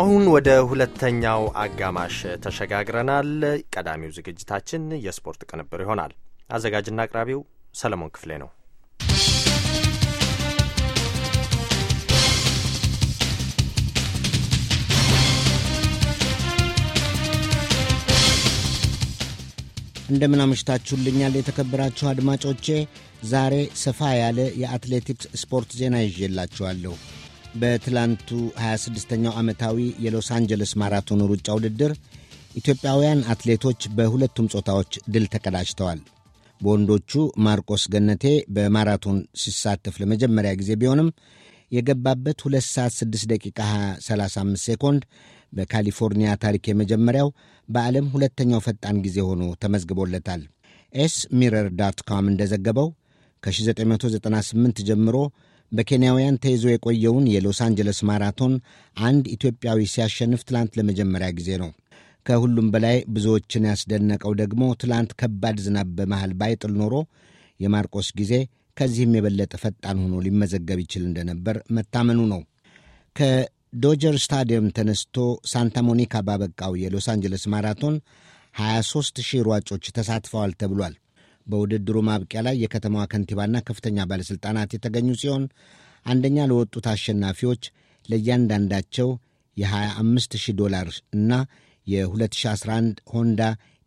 አሁን ወደ ሁለተኛው አጋማሽ ተሸጋግረናል። ቀዳሚው ዝግጅታችን የስፖርት ቅንብር ይሆናል። አዘጋጅና አቅራቢው ሰለሞን ክፍሌ ነው። እንደምን አመሽታችሁልኛል የተከበራችሁ አድማጮቼ። ዛሬ ሰፋ ያለ የአትሌቲክስ ስፖርት ዜና ይዤላችኋለሁ። በትላንቱ 26ኛው ዓመታዊ የሎስ አንጀለስ ማራቶን ሩጫ ውድድር ኢትዮጵያውያን አትሌቶች በሁለቱም ጾታዎች ድል ተቀዳጅተዋል። በወንዶቹ ማርቆስ ገነቴ በማራቶን ሲሳተፍ ለመጀመሪያ ጊዜ ቢሆንም የገባበት 2 ሰዓት 6 ደቂቃ 35 ሴኮንድ በካሊፎርኒያ ታሪክ የመጀመሪያው በዓለም ሁለተኛው ፈጣን ጊዜ ሆኖ ተመዝግቦለታል። ኤስ ሚረር ዳት ካም እንደዘገበው ከ1998 ጀምሮ በኬንያውያን ተይዞ የቆየውን የሎስ አንጀለስ ማራቶን አንድ ኢትዮጵያዊ ሲያሸንፍ ትላንት ለመጀመሪያ ጊዜ ነው። ከሁሉም በላይ ብዙዎችን ያስደነቀው ደግሞ ትላንት ከባድ ዝናብ በመሃል ባይጥል ኖሮ የማርቆስ ጊዜ ከዚህም የበለጠ ፈጣን ሆኖ ሊመዘገብ ይችል እንደነበር መታመኑ ነው። ከዶጀር ስታዲየም ተነስቶ ሳንታ ሞኒካ ባበቃው የሎስ አንጀለስ ማራቶን 23 ሺህ ሯጮች ተሳትፈዋል ተብሏል። በውድድሩ ማብቂያ ላይ የከተማዋ ከንቲባና ከፍተኛ ባለሥልጣናት የተገኙ ሲሆን አንደኛ ለወጡት አሸናፊዎች ለእያንዳንዳቸው የ25,000 ዶላር እና የ2011 ሆንዳ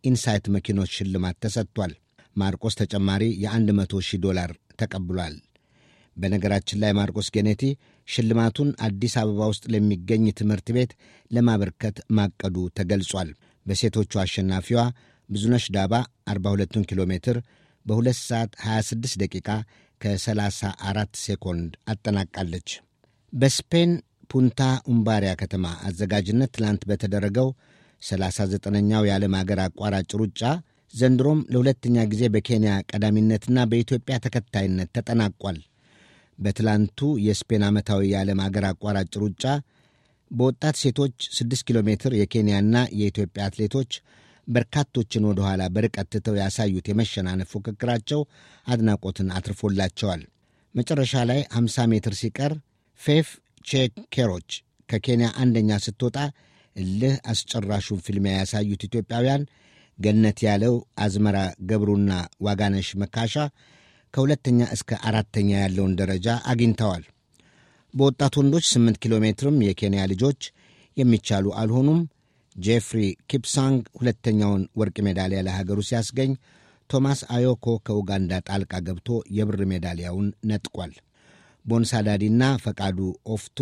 ኢንሳይት መኪኖች ሽልማት ተሰጥቷል። ማርቆስ ተጨማሪ የ100,000 ዶላር ተቀብሏል። በነገራችን ላይ ማርቆስ ጌኔቲ ሽልማቱን አዲስ አበባ ውስጥ ለሚገኝ ትምህርት ቤት ለማበርከት ማቀዱ ተገልጿል። በሴቶቹ አሸናፊዋ ብዙነሽ ዳባ 42 ኪሎ ሜትር በ2 ሰዓት 26 ደቂቃ ከ34 ሴኮንድ አጠናቃለች። በስፔን ፑንታ ኡምባሪያ ከተማ አዘጋጅነት ትላንት በተደረገው 39ኛው የዓለም አገር አቋራጭ ሩጫ ዘንድሮም ለሁለተኛ ጊዜ በኬንያ ቀዳሚነትና በኢትዮጵያ ተከታይነት ተጠናቋል። በትላንቱ የስፔን ዓመታዊ የዓለም አገር አቋራጭ ሩጫ በወጣት ሴቶች 6 ኪሎ ሜትር የኬንያና የኢትዮጵያ አትሌቶች በርካቶችን ወደ ኋላ በርቀት ትተው ያሳዩት የመሸናነፍ ፉክክራቸው አድናቆትን አትርፎላቸዋል። መጨረሻ ላይ 50 ሜትር ሲቀር ፌፍ ቼኬሮች ከኬንያ አንደኛ ስትወጣ እልህ አስጨራሹን ፍልሚያ ያሳዩት ኢትዮጵያውያን ገነት ያለው፣ አዝመራ ገብሩና ዋጋነሽ መካሻ ከሁለተኛ እስከ አራተኛ ያለውን ደረጃ አግኝተዋል። በወጣት ወንዶች 8 ኪሎ ሜትርም የኬንያ ልጆች የሚቻሉ አልሆኑም። ጄፍሪ ኪፕሳንግ ሁለተኛውን ወርቅ ሜዳሊያ ለሀገሩ ሲያስገኝ ቶማስ አዮኮ ከኡጋንዳ ጣልቃ ገብቶ የብር ሜዳሊያውን ነጥቋል። ቦንሳዳዲና ፈቃዱ ኦፍቱ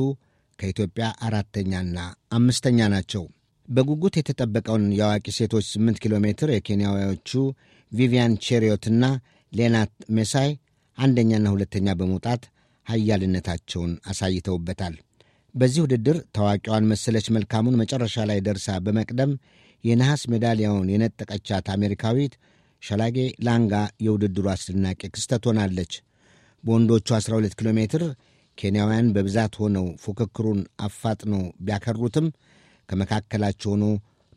ከኢትዮጵያ አራተኛና አምስተኛ ናቸው። በጉጉት የተጠበቀውን የአዋቂ ሴቶች 8 ኪሎ ሜትር የኬንያዎቹ ቪቪያን ቼሪዮትና ሌናት ሜሳይ አንደኛና ሁለተኛ በመውጣት ሀያልነታቸውን አሳይተውበታል። በዚህ ውድድር ታዋቂዋን መሰለች መልካሙን መጨረሻ ላይ ደርሳ በመቅደም የነሐስ ሜዳሊያውን የነጠቀቻት አሜሪካዊት ሸላጌ ላንጋ የውድድሩ አስደናቂ ክስተት ሆናለች። በወንዶቹ 12 ኪሎ ሜትር ኬንያውያን በብዛት ሆነው ፉክክሩን አፋጥነው ቢያከሩትም ከመካከላቸው ሆኖ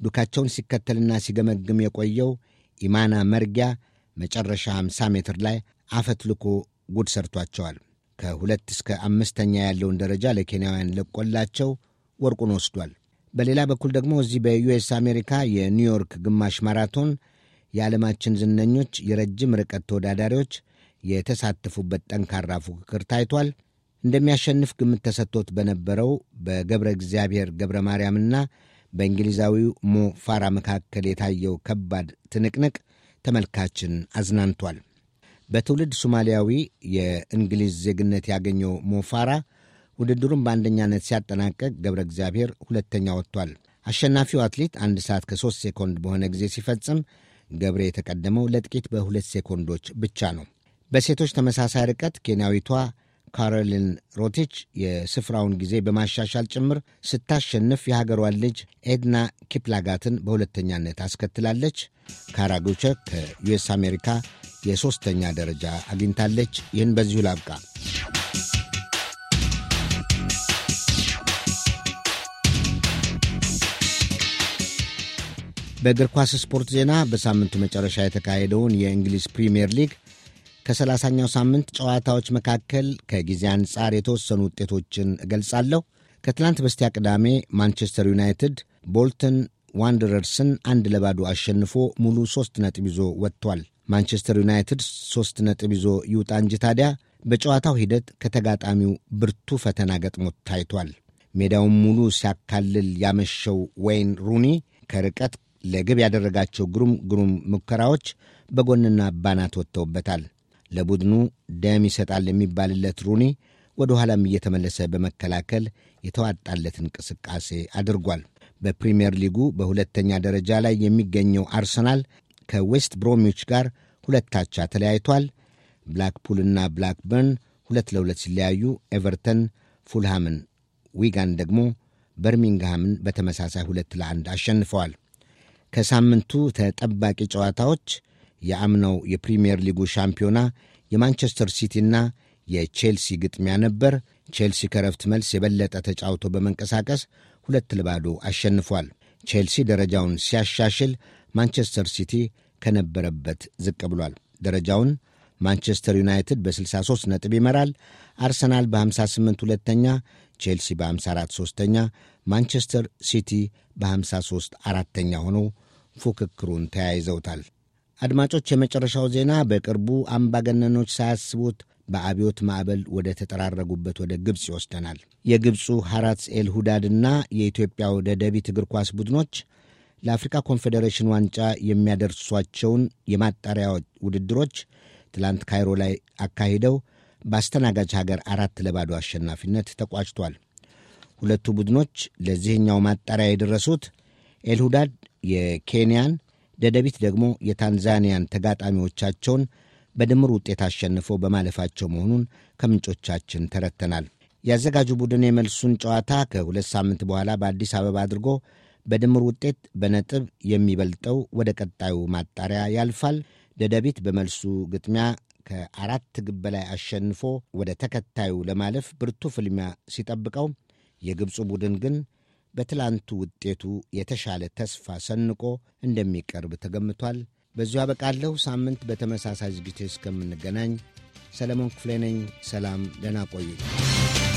ዱካቸውን ሲከተልና ሲገመግም የቆየው ኢማና መርጊያ መጨረሻ 50 ሜትር ላይ አፈትልኮ ጉድ ሰርቷቸዋል። ከሁለት እስከ አምስተኛ ያለውን ደረጃ ለኬንያውያን ለቆላቸው ወርቁን ወስዷል። በሌላ በኩል ደግሞ እዚህ በዩኤስ አሜሪካ የኒውዮርክ ግማሽ ማራቶን የዓለማችን ዝነኞች የረጅም ርቀት ተወዳዳሪዎች የተሳተፉበት ጠንካራ ፉክክር ታይቷል። እንደሚያሸንፍ ግምት ተሰጥቶት በነበረው በገብረ እግዚአብሔር ገብረ ማርያምና በእንግሊዛዊው ሞ ፋራ መካከል የታየው ከባድ ትንቅንቅ ተመልካችን አዝናንቷል። በትውልድ ሶማሊያዊ የእንግሊዝ ዜግነት ያገኘው ሞፋራ ውድድሩን በአንደኛነት ሲያጠናቀቅ ገብረ እግዚአብሔር ሁለተኛ ወጥቷል። አሸናፊው አትሌት አንድ ሰዓት ከሦስት ሴኮንድ በሆነ ጊዜ ሲፈጽም ገብሬ የተቀደመው ለጥቂት በሁለት ሴኮንዶች ብቻ ነው። በሴቶች ተመሳሳይ ርቀት ኬንያዊቷ ካሮሊን ሮቲች የስፍራውን ጊዜ በማሻሻል ጭምር ስታሸንፍ የሀገሯን ልጅ ኤድና ኪፕላጋትን በሁለተኛነት አስከትላለች። ካራ ጉቸር ከዩኤስ አሜሪካ የሦስተኛ ደረጃ አግኝታለች። ይህን በዚሁ ላብቃ። በእግር ኳስ ስፖርት ዜና በሳምንቱ መጨረሻ የተካሄደውን የእንግሊዝ ፕሪምየር ሊግ ከሰላሳኛው ሳምንት ጨዋታዎች መካከል ከጊዜ አንጻር የተወሰኑ ውጤቶችን እገልጻለሁ። ከትላንት በስቲያ ቅዳሜ ማንቸስተር ዩናይትድ ቦልተን ዋንደረርስን አንድ ለባዶ አሸንፎ ሙሉ ሦስት ነጥብ ይዞ ወጥቷል። ማንቸስተር ዩናይትድ ሦስት ነጥብ ይዞ ይውጣ እንጂ ታዲያ በጨዋታው ሂደት ከተጋጣሚው ብርቱ ፈተና ገጥሞት ታይቷል። ሜዳውን ሙሉ ሲያካልል ያመሸው ወይን ሩኒ ከርቀት ለግብ ያደረጋቸው ግሩም ግሩም ሙከራዎች በጎንና ባናት ወጥተውበታል። ለቡድኑ ደም ይሰጣል የሚባልለት ሩኒ ወደ ኋላም እየተመለሰ በመከላከል የተዋጣለት እንቅስቃሴ አድርጓል። በፕሪምየር ሊጉ በሁለተኛ ደረጃ ላይ የሚገኘው አርሰናል ከዌስት ብሮሚች ጋር ሁለታቻ ተለያይቷል። ብላክፑልና ብላክበርን ሁለት ለሁለት ሲለያዩ ኤቨርተን ፉልሃምን፣ ዊጋን ደግሞ በርሚንግሃምን በተመሳሳይ ሁለት ለአንድ አሸንፈዋል። ከሳምንቱ ተጠባቂ ጨዋታዎች የአምናው የፕሪምየር ሊጉ ሻምፒዮና የማንቸስተር ሲቲና የቼልሲ ግጥሚያ ነበር። ቼልሲ ከረፍት መልስ የበለጠ ተጫውቶ በመንቀሳቀስ ሁለት ለባዶ አሸንፏል። ቼልሲ ደረጃውን ሲያሻሽል ማንቸስተር ሲቲ ከነበረበት ዝቅ ብሏል። ደረጃውን ማንቸስተር ዩናይትድ በ63 ነጥብ ይመራል። አርሰናል በ58 ሁለተኛ፣ ቼልሲ በ54 ሦስተኛ፣ ማንቸስተር ሲቲ በ53 አራተኛ ሆነው ፉክክሩን ተያይዘውታል። አድማጮች፣ የመጨረሻው ዜና በቅርቡ አምባገነኖች ሳያስቡት በአብዮት ማዕበል ወደ ተጠራረጉበት ወደ ግብፅ ይወስደናል። የግብፁ ሐራትስ ኤል ሁዳድና የኢትዮጵያው ደደቢት እግር ኳስ ቡድኖች ለአፍሪካ ኮንፌዴሬሽን ዋንጫ የሚያደርሷቸውን የማጣሪያ ውድድሮች ትላንት ካይሮ ላይ አካሂደው በአስተናጋጅ ሀገር አራት ለባዶ አሸናፊነት ተቋጭቷል። ሁለቱ ቡድኖች ለዚህኛው ማጣሪያ የደረሱት ኤልሁዳድ የኬንያን፣ ደደቢት ደግሞ የታንዛኒያን ተጋጣሚዎቻቸውን በድምር ውጤት አሸንፈው በማለፋቸው መሆኑን ከምንጮቻችን ተረተናል። ያዘጋጁ ቡድን የመልሱን ጨዋታ ከሁለት ሳምንት በኋላ በአዲስ አበባ አድርጎ በድምር ውጤት በነጥብ የሚበልጠው ወደ ቀጣዩ ማጣሪያ ያልፋል። ደደቢት በመልሱ ግጥሚያ ከአራት ግብ በላይ አሸንፎ ወደ ተከታዩ ለማለፍ ብርቱ ፍልሚያ ሲጠብቀው የግብፁ ቡድን ግን በትላንቱ ውጤቱ የተሻለ ተስፋ ሰንቆ እንደሚቀርብ ተገምቷል። በዚሁ አበቃለሁ። ሳምንት በተመሳሳይ ዝግጅት እስከምንገናኝ ሰለሞን ክፍሌ ነኝ። ሰላም፣ ደህና ቆዩ።